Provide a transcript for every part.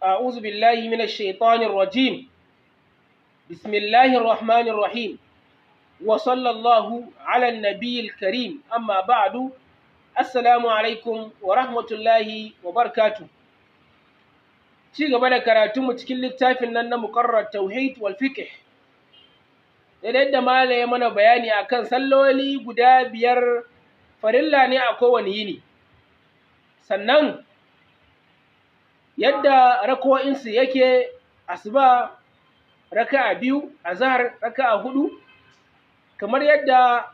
أعوذ بالله من الشيطان الرجيم بسم الله الرحمن الرحيم وصلى الله على النبي الكريم أما بعد السلام عليكم ورحمة الله وبركاته ci gaba da karatunmu cikin littafin nan na mukarrar tauhid wal fiqh da yadda mala mana bayani akan salloli guda biyar farilla ne a kowane yini sannan yadda rako'insu yake asuba raka'a biyu a raka raka'a hudu kamar yadda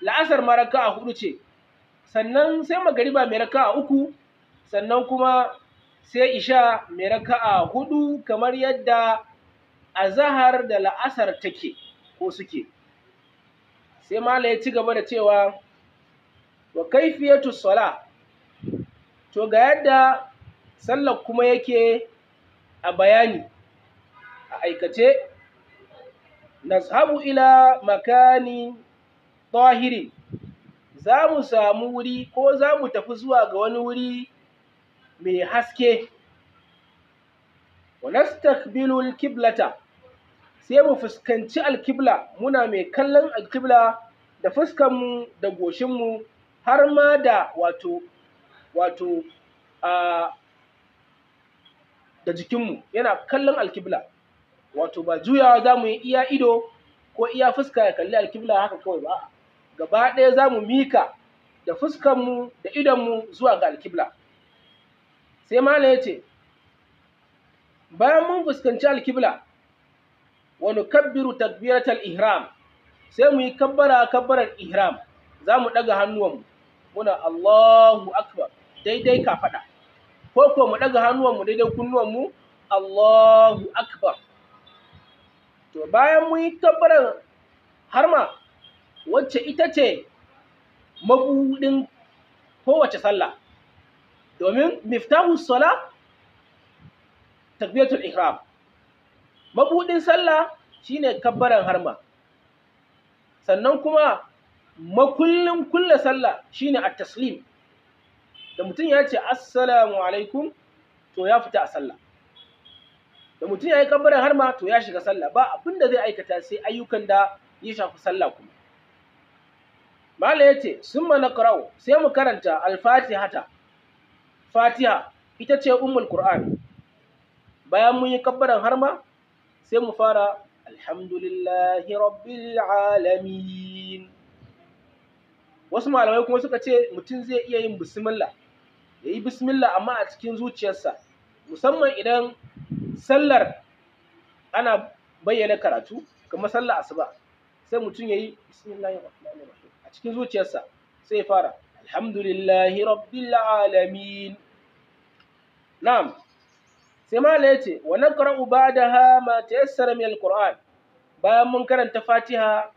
la'asar ma raka'a hudu ce sannan sai magariba mai raka'a uku sannan kuma sai isha mai raka'a hudu kamar yadda a zahar da la'asar take ko suke sai mala ya ci gaba da cewa wa kaifiyatu sala to ga yadda sallar kuma yake a bayani a aikace nazhabu ila makani tahiri za mu samu wuri ko za mu tafi zuwa ga wani wuri mai haske wanastakbilu kiblata sai mu fuskanci alkibla muna mai kallon alkibla da fuskanmu da goshinmu har ma da wato wato a da jikinmu yana kallon alkibla wato ba juyawa za mu yi iya ido ko iya fuska ya kalli alkibla haka kawai ba gaba ɗaya za mu mika da fuskanmu da idonmu zuwa ga alkibla sai mala ya ce bayan mun fuskanci alkibla wani kabbiru takbiratal ihram sai mu yi kabbara kabbarar ihram za mu ɗaga mu muna allahu akbar daidai ka faɗa ko ko mu ɗaga hannuwan mu daidai kunnuwan mu Allahu akbar to bayan mu yi kabbarar harma wacce ita ce mabudin kowace sallah domin miftahu sala takbiratul ihram mabuɗin sallah shine kabbaran harma sannan kuma makullin kulle sallah shine a taslim da mutum ya ce assalamu alaikum to ya fita a sallah da mutum ya yi kabbarin harma to ya shiga sallah ba abin da zai aikata sai ayyukan da ya shafi sallah kuma Malam ya ce sun mana karau sai mu karanta alfatihata fatiha ita ce ummul Kur'ani. bayan mun yi kabbarin har sai mu fara alhamdulillahi rabbil alamin wasu malamai kuma suka ce mutum zai iya yin bismillah ya yi bismillah amma a cikin zuciyarsa musamman idan sallar ana bayyana karatu kamar sallar asuba sai mutum ya yi bismillah a cikin zuciyarsa sai ya fara alhamdulillahi rabbil alamin na'am sai mala ya ce wa da ba'daha ma tayassara min alquran bayan mun karanta fatiha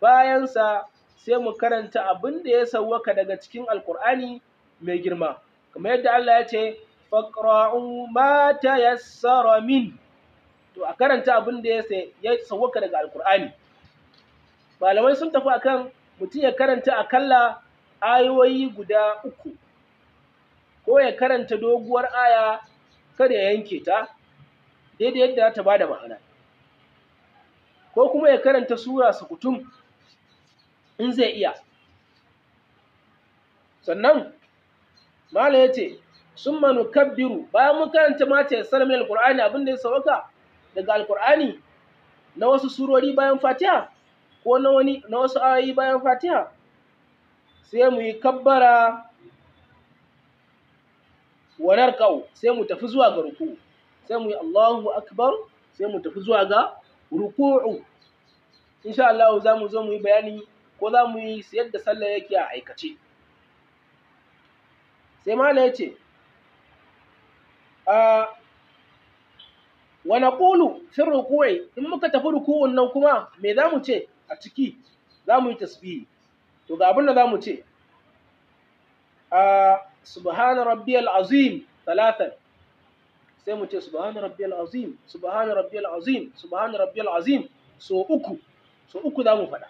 bayansa sai mu karanta abin da ya sawwaka daga cikin alqur'ani mai girma kamar yadda Allah ya ce faqra'u ma tayassara min to a karanta abin da ya sauka daga alkur'ani malamai sun tafi akan mutum ya karanta akalla ayoyi guda uku ko ya karanta doguwar aya kada ya yanke ta daidai yadda ta ba da ma'ana ko kuma ya karanta sura sukutum in zai iya sannan Malam ya ce, sun manu kabbiru bayan mun karanta mata sanar min alkur'ani abin da ya sauka daga alkur'ani na wasu surori bayan fatiha ko na wani na wasu ayoyi bayan fatiha sai mu yi kabbara wa kau, sai mu tafi zuwa ga ruku sai mu yi Allahu akbar sai mu tafi zuwa ga ruku'u insha Allah za mu zo mu yi bayani ko za mu yi yadda sallah yake a aikace sai mala ya ce a wa naqulu fi ruku'i in muka tafi ruku'un nan kuma me za mu ce a ciki za mu yi tasbihi to ga abin da mu ce a subhana rabbiyal azim talatan sai mu ce subhana rabbiyal azim subhana rabbiyal azim subhana rabbiyal azim so uku so uku za mu faɗa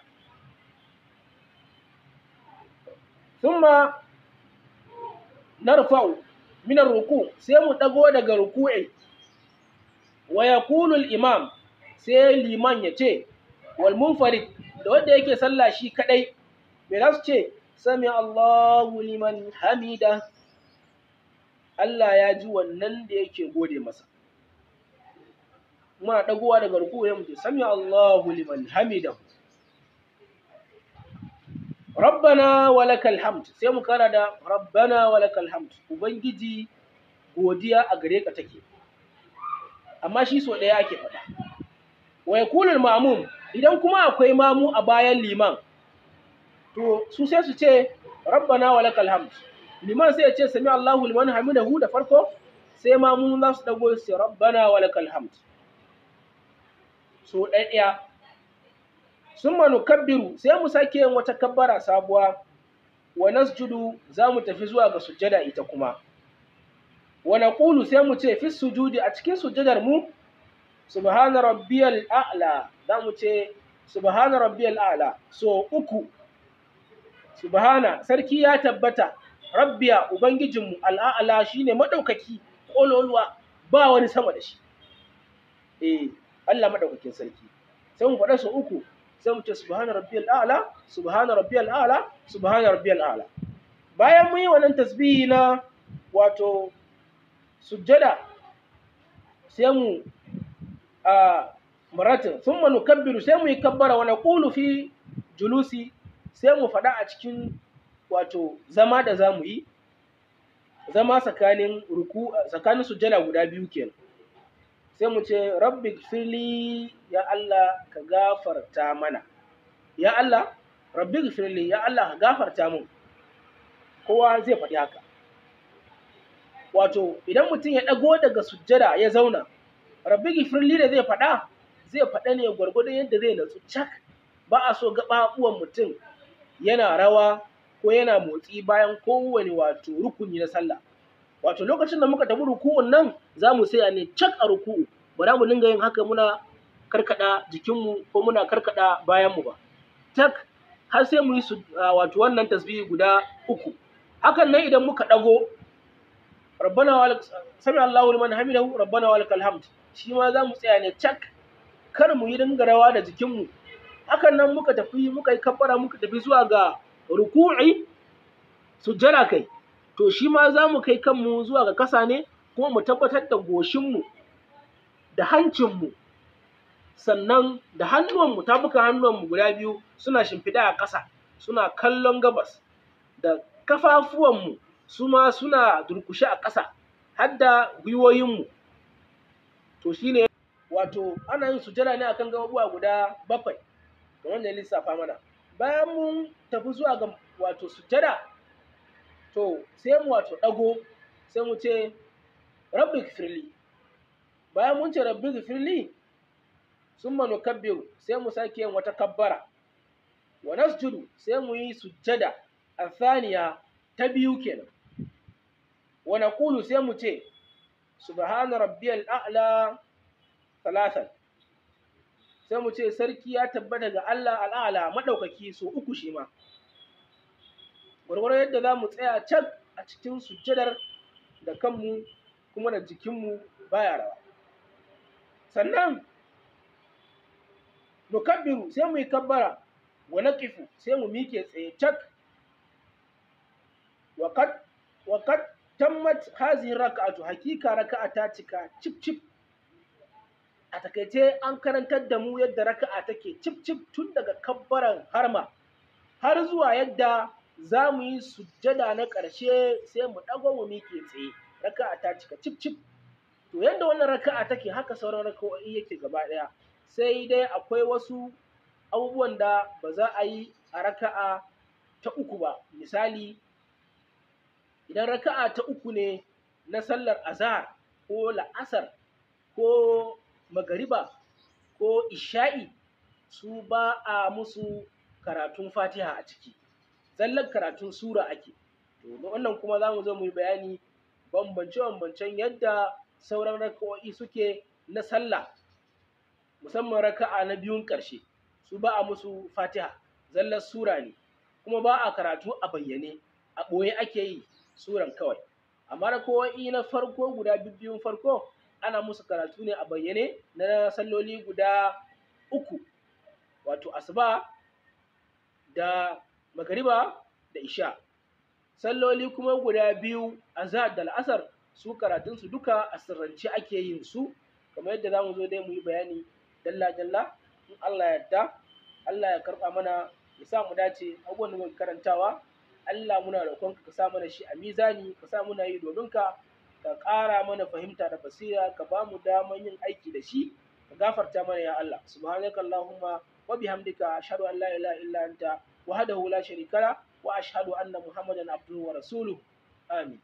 thumma narfa'u min ruku sai mu dago daga ruku'i wa yaqulu al-imam sai liman yace ce wal munfarid da wanda yake sallah shi kadai me za su ce sami Allahu liman hamida Allah ya ji wannan da yake gode masa muna dagowa daga ruku'i mu ce sami Allahu liman hamida rabbana walakal hamd sai mu kara da rabbana walakal hamd ubangiji godiya a gare ka take amma shi so ɗaya ake faɗa wa yakunul ma'mum idan kuma akwai mamu a bayan liman to su sai su ce rabbana walakal hamd liman sai ya ce sami Allahu liman hamidahu da farko sai mamu za su dago su rabbana walakal hamd so ɗaya summa nukabbiru sai mu sake yin wata kabbara sabuwa wa nasjudu za mu tafi zuwa ga sujada ita kuma wa naqulu sai mu ce fi sujudi a cikin sujadar mu subhana rabbiyal a'la za mu ce subhana rabbiyal a'la so uku subhana sarki ya tabbata rabbiya ubangijinmu al'a'la shine madaukaki kololuwa ba wani sama da shi eh Allah madaukakin sarki sai mu faɗa so uku sai mu ce subhana rabbiyal a'la subhana rabbiyal a'la subhana rabbiyal a'la bayan mun yi wannan tasbihi na wato sujjada sai mu a maratin thumma nukabbiru sai mu yi kabbara wa naqulu fi julusi sai mu faɗa a cikin wato zama da za mu yi zama tsakanin ruku tsakanin sujjada guda biyu kenan sai mu ce rabbi fili ya Allah ka gafarta mana ya Allah rabbi fili ya Allah ka gafarta mu kowa zai faɗi haka wato idan mutum ya ɗago daga sujjada ya zauna rabbi fili da zai faɗa zai faɗa ne gwargwadon yadda zai natsu cak ba a so gaɓaɓuwan mutum yana rawa ko yana motsi bayan kowane wato rukuni na sallah wato lokacin da muka tafi ruku'un nan za mu saya ne cak a ruku'u ba za mu dinga yin haka muna karkada jikinmu ko muna karkada bayanmu ba tak har sai mu yi wato wannan tasbihi guda uku hakan nan idan muka dago rabbana wa sami Allahu liman hamidahu rabbana wa lakal hamd shi ma za mu tsaya ne cak kar mu yi dinga rawa da jikinmu hakan nan muka tafi muka yi kabbara muka tafi zuwa ga ruku'i sujjada kai to shi ma za mu kai kanmu zuwa ga ƙasa ne kuma mu tabbatar da goshinmu da hancinmu sannan da hannuwanmu tafukan hannuwanmu guda biyu suna shimfiɗa a ƙasa suna kallon gabas da kafafuwanmu su ma suna durkushe a ƙasa har da gwiwoyinmu to ne wato ana yin sujada ne akan gaɓuɓɓuwa guda bakwai kamar da lissafa mana bayan mun tafi zuwa ga wato sujada to sai mu wato ɗago sai mu ce rabbik firli bayan mun ce rabbik firli sun ma nukabbiru sai mu sake yin wata kabbara wa nasjudu sai mu yi sujjada a thaniya ta biyu kenan wa naqulu sai mu ce subhana rabbiyal a'la talatan sai mu ce sarki ya tabbata ga Allah al'ala madaukaki so uku shi ma Warware yadda za mu tsaya can a cikin sujjadar da kanmu kuma da jikinmu baya rawa sannan nukabbiru sai mu yi kabbara wa naqifu sai mu mike tsaye cak wa qad tammat hazihi raka'atu hakika raka'a ta cika cip cip a takaice an karantar da mu yadda raka'a take cip cip tun daga kabbaran harma har zuwa yadda za mu yi sujjada na ƙarshe sai mu ɗago mu miƙe tsaye raka'a ta cika cip cip to yadda wannan raka'a take haka sauran raka'o'i yake gaba ɗaya sai dai akwai wasu abubuwan da ba za a yi a raka'a ta uku ba misali idan raka'a ta uku ne na sallar azhar ko la'asar ko magariba ko isha'i su ba a musu karatun fatiha a ciki zallan karatun sura ake to wannan kuma za mu zo mu yi bayani bambance-bambancen yadda sauran raka'o'i suke na sallah musamman raka'a na biyun karshe su ba a musu fatiha zallar sura ne kuma ba a karatu a bayyane a ɓoye ake yi suran kawai amma raka'o'i na farko guda biyun farko ana musu karatu ne a bayyane na salloli guda uku wato asuba da magariba da isha salloli kuma guda biyu azhar da al'asar su karatunsu duka a sirrance ake yin su kamar yadda za mu zo dai mu yi bayani dalla dalla in Allah yarda Allah ya karɓa mana ya sa mu dace abubuwan da muke karantawa Allah muna roƙon ka sa mana shi a mizani ka sa muna yi domin ka ka ƙara mana fahimta da basira ka ba mu daman yin aiki da shi ka gafarta mana ya Allah subhanakallahumma wa bihamdika ashhadu an la ilaha illa anta wahdahu la sharika la wa ashhadu anna muhammadan abduhu wa rasuluhu amin